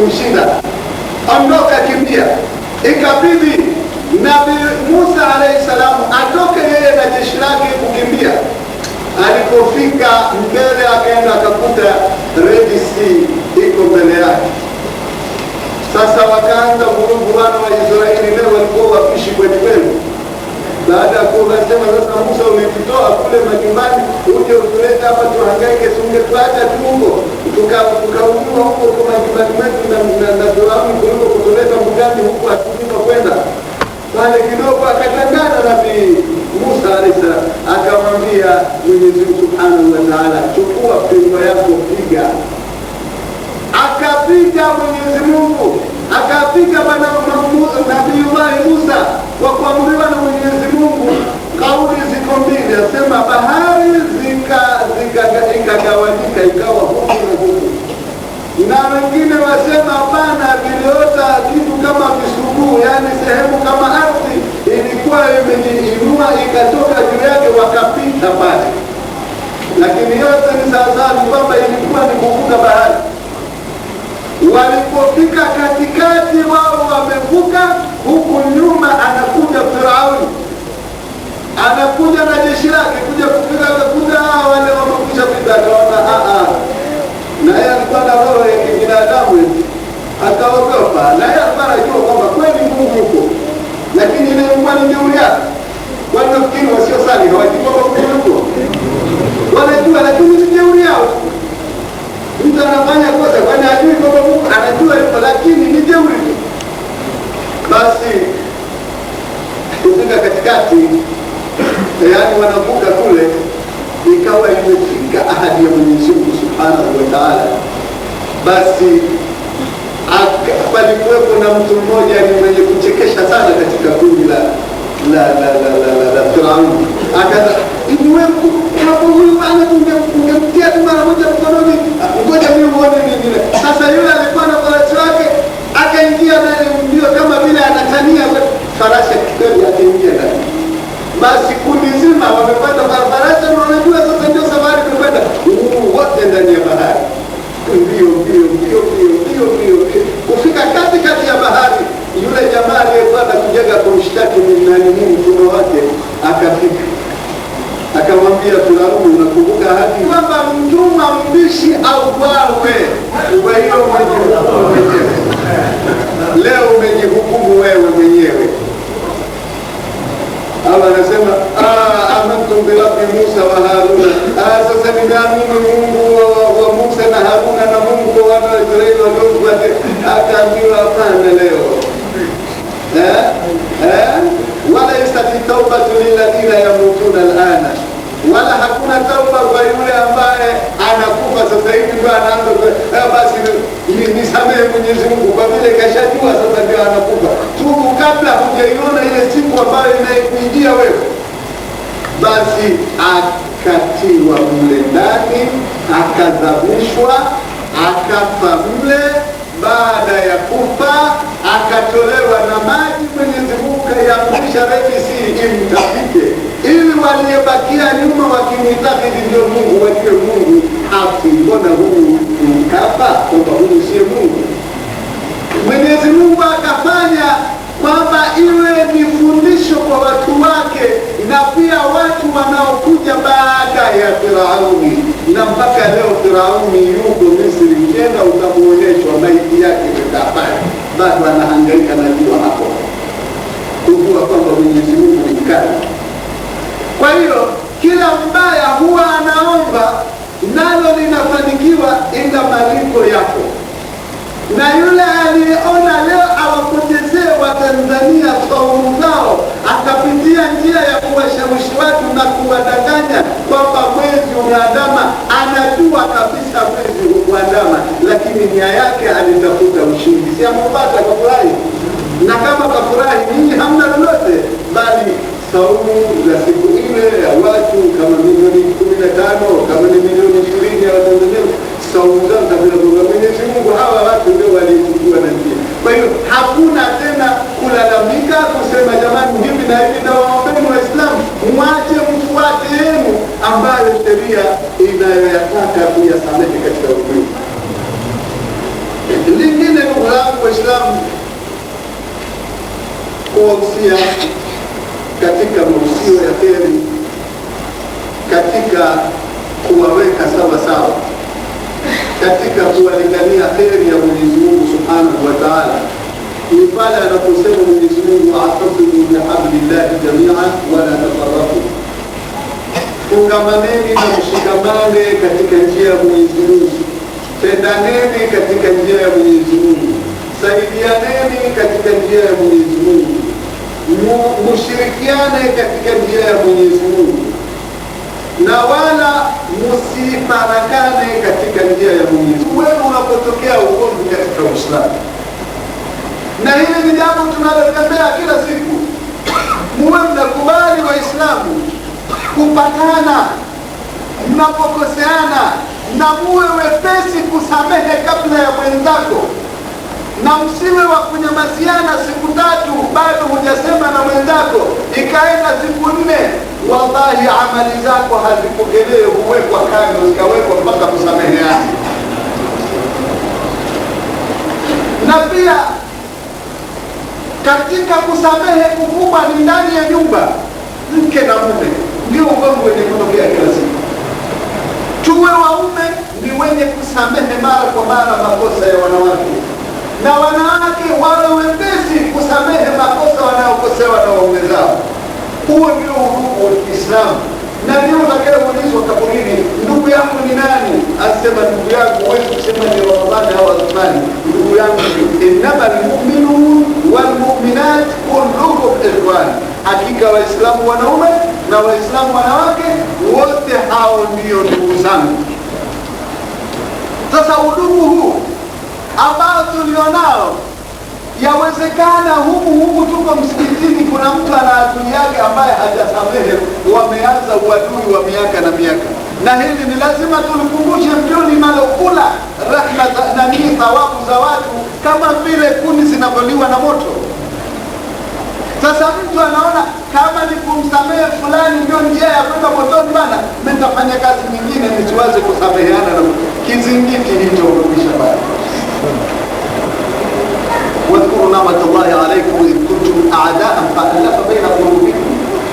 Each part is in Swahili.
imemshinda, ondoka, kimbia. Ikabidi nabi Musa alayhi salamu atoke yeye na jeshi lake kukimbia. Alipofika mbele, akaenda akakuta Red iko mbele yake. Sasa wakaanza vurugu, wana wa Israeli leo walikuwa wapishi kweli kweli baada ya kuwa sema sasa, Musa umetutoa kule majumbani uje utuleta hapa tuhangaike, tungepata tungo tukauliwa huko kwa majumbani mwetu na kuliko kutuleta mbugani huku akiia kwenda pale kidogo. Akatangana Nabii Musa alisa akamwambia Mwenyezi Mungu subhanahu wa taala, chukua pembe yako piga. Akapiga Mwenyezi Mungu, akapiga Nabii Musa wa kuamriwa na Mwenyezi Mungu, kauli ziko mbili, asema bahari ikagawanyika ikawa huku na huku, na wengine wasema hapana, viliota kitu kama visuguu, yaani sehemu kama ardhi ilikuwa imejiinua ikatoka juu yake, wakapita pale. Lakini yote ni sawasawa, kwamba ilikuwa ni kuvuka bahari. Walipofika katikati, wao wamevuka huku nyuma wale wamekwisha pita, akaona ah, ah, ah. aa, naye alikuwa na roho ya kibinadamu, akaogopa. Naye alikuwa kwamba kweli Mungu huko lakini ile ni jeuri yake. Kwani nafikiri wasiosali hawajikoma wanajua, lakini ni jeuri yao. Mtu anafanya kosa, kwani ajui kwamba Mungu anajua yuko, lakini ni jeuri tu. Basi kufika katikati, yaani wanavuka kule ikawa imefika ahadi ya Mwenyezi Subhanahu wataala basi palikuwepo na mtu mmoja ni mwenye kuchekesha sana katika kundi la la la la la unapohuyu maana ungemtia mara moja mkononi Allah anasema amantu ah, birabbi Musa wa Haruna. Ah, sasa nimeamini Mungu wa Musa na Haruna na Mungu wa wana wa Israeli waliomfuata. Akaambiwa hapana, leo istati eh? Eh? taubatu lilladhina yamutuna alana, wala hakuna tauba kwa yule ambaye anakufa sasa hivi, ndio anaanza eh, basi nisamehe Mwenyezi Mungu kwa vile kashajua sasa ndio anakupa. Tubu kabla hujaiona ile siku ambayo inaikuijia wewe. Basi akatiwa mle ndani, akadhabishwa, akafa mle. Baada ya kufa yakatolewa na maji. Mwenyezi Mungu kayaamrisha rekisi iji ili waliobakia nyuma wakimhitakidi ndio Mungu wajue Mungu afi, mbona huu mkapa kwamba huu siye Mungu. Mwenyezi Mungu akafanya kwamba iwe ni fundisho kwa watu wake na pia watu wanaokuja baada ya Firauni, na mpaka leo Firauni yuko Misri, tena utamuonyeshwa maiti yake pale bado anahangaika na jua hapo, kujua kwamba Mwenyezi Mungu ni mkali. Kwa hiyo kila mbaya huwa anaomba nalo linafanikiwa, ila malipo yako na yule aliyeona leo awaponyezie Watanzania saumu zao, akapitia njia ya kuwashawishi watu na kuwadanganya kwamba mwezi unaandama, anajua kabisa mwezi hukuandama, lakini nia yake alitafuta ushindi. Si amepata kafurahi? Na kama kafurahi, ninyi hamna lolote, bali saumu za siku ile ya watu kama milioni kumi na tano kama ni milioni ishirini ya Watanzania saumu zao zitakwenda Mwenyezi Mungu, hawa watu ndio waliibukiwa na njia. Kwa hiyo hakuna tena kulalamika kusema jamani, hivi na hivi. Na waombeni Waislamu, mwache mfuate yenu ambayo sheria inayoyataka kuyasamehe katika ulimwengu. Lingine ndugu yangu Waislamu, kuwahusia katika mausio ya heri, katika kuwaweka sawa sawa katika kuwalingania kheri ya Mwenyezi Mungu subhanahu wa taala ni pale anaposema Mwenyezi Mungu wa'tasimu bihablillahi jamian wala tafarraku, fungamaneni na mshikamane katika njia ya Mwenyezi Mungu, pendaneni katika njia ya Mwenyezi Mungu, saidianeni katika njia ya Mwenyezi Mungu, mushirikiane katika njia ya Mwenyezi Mungu na wala musiparakane katika njia ya Mwenyezi Mungu. Wewe unapotokea ugomvi katika Uislamu, na hili ni jambo tunalotembea kila siku, muwe mnakubali Waislamu kupatana mnapokoseana, na muwe wepesi kusamehe kabla ya mwenzako, na msiwe wa kunyamaziana siku tatu, bado hujasema na mwenzako, ikaenda siku nne wallahi, amali zako hazipokelee huwekwa kando, zikawekwa mpaka kusameheana. Na pia katika kusamehe kukubwa ni ndani ya nyumba, mke na mume ndio ugomvi wenye kutokea kila siku. Tuwe waume ni wenye kusamehe mara kwa mara makosa ya wanawake, na wanawake wawe wepesi kusamehe makosa wanayokosewa na waume zao. Huo ndio uhuru wa Kiislamu, na ndio utakayeulizwa kaburini, ndugu yangu ni nani? Asema ndugu yangu, wewe kusema ni Ramadhani au Athmani. Ndugu yangu, innama lmuminu walmuminat kulluhu ikhwan, hakika Waislamu wanaume na Waislamu wanawake wote hao ndio ndugu zangu. Sasa udugu huu ambao tulionao Yawezekana huku huku tuko msikitini, kuna mtu ana adui yake ambaye hajasamehe, wameanza uadui wa miaka na miaka, na hili ni lazima tulikumbushe, ndio linalokula rahma nanii thawabu za watu, kama vile kuni zinavyoliwa na moto. Sasa mtu anaona kama ni kumsamehe fulani ndio njia ya kwenda motoni, bana mitafanya kazi nyingine nisiwaze kusameheana na kizingiti hicho, kuisha bana واذكروا نعمة الله عليكم إذ كنتم أعداء فألف بين قلوبكم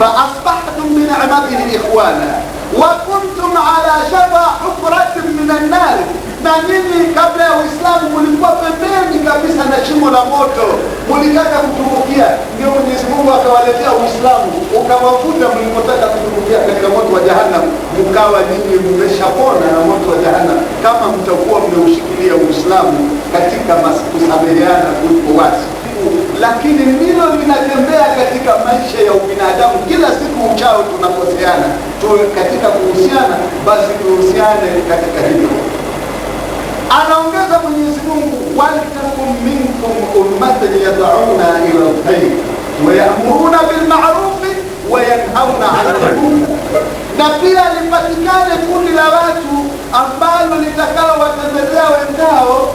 فأصبحتم بنعمته إخوانا وكنتم على شفا حفرة من النار نعمل قبل الإسلام ونفق بينك بس نشم الأموت ونجد كتروكيا يوم نسموه وكوالدية الإسلام وكوافود من المتاكة كتروكيا كتر موت جهنم مكاوة نيني مبشاقونا موت جهنم كما متقوى من المشكلة Waislamu katika kusameheana kuliko wazi, lakini ndilo linatembea katika maisha ya ubinadamu. Kila siku uchao tunakoseana, tu katika kuhusiana, basi tuhusiane katika hilo. Anaongeza Mwenyezi Mungu, waltakum minkum ummatan yad'una ila lkhair wayamuruna bilmarufi wayanhauna ala lmunkar, na pia lipatikane kundi la watu ambalo watembelea wendao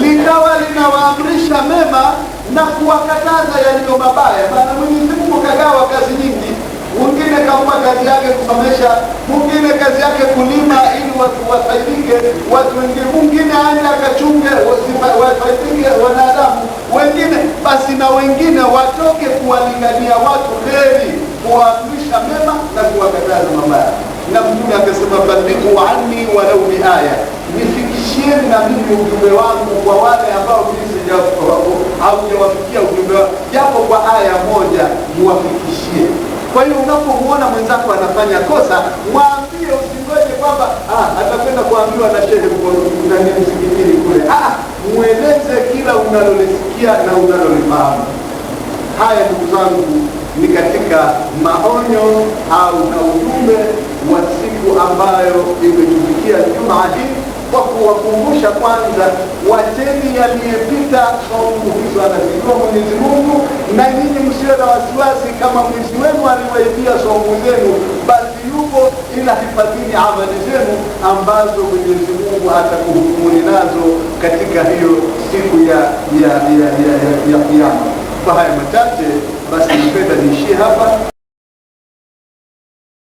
likawa linawaamrisha mema na kuwakataza yaliyo mabaya. Maana Mwenyezi Mungu kagawa kazi nyingi, mwingine kaumba kazi yake kusomesha, mwingine kazi yake kulima ili watu wasaidike, watu wengine, mwingine aende akachunge wafaidike wanadamu wengine, basi na wengine watoke kuwalingania watu heri, kuwaamrisha mema na kuwakataza mabaya na Mtume akasema, ballighu anni walau bi aya, nifikishieni na mimi ujumbe wangu kwa wale ambao haujawafikia ujumbe wangu, japo kwa aya moja niwafikishie. Kwa hiyo unapomwona mwenzako anafanya kosa, mwambie, usingoje kwamba ah, atakwenda kuambiwa na shehe nani msikitini kule. Ah, ah, Mweleze kila unalolisikia na unalolifahamu. Haya ndugu zangu, ni katika maonyo au na ujumbe wa siku ambayo imejumikia Jumaa hii kwa kuwakumbusha kwanza, wateni yaliyepita, saumu hizo anazijua Mwenyezi Mungu, na nyinyi msiwe na wasiwasi kama mwizi wenu aliwaibia saumu zenu, basi yupo ila hifadhini amali zenu ambazo Mwenyezi Mungu atakuhukumuni nazo katika hiyo siku ya ya ya ya ya Kwa haya machache basi, napenda niishie hapa.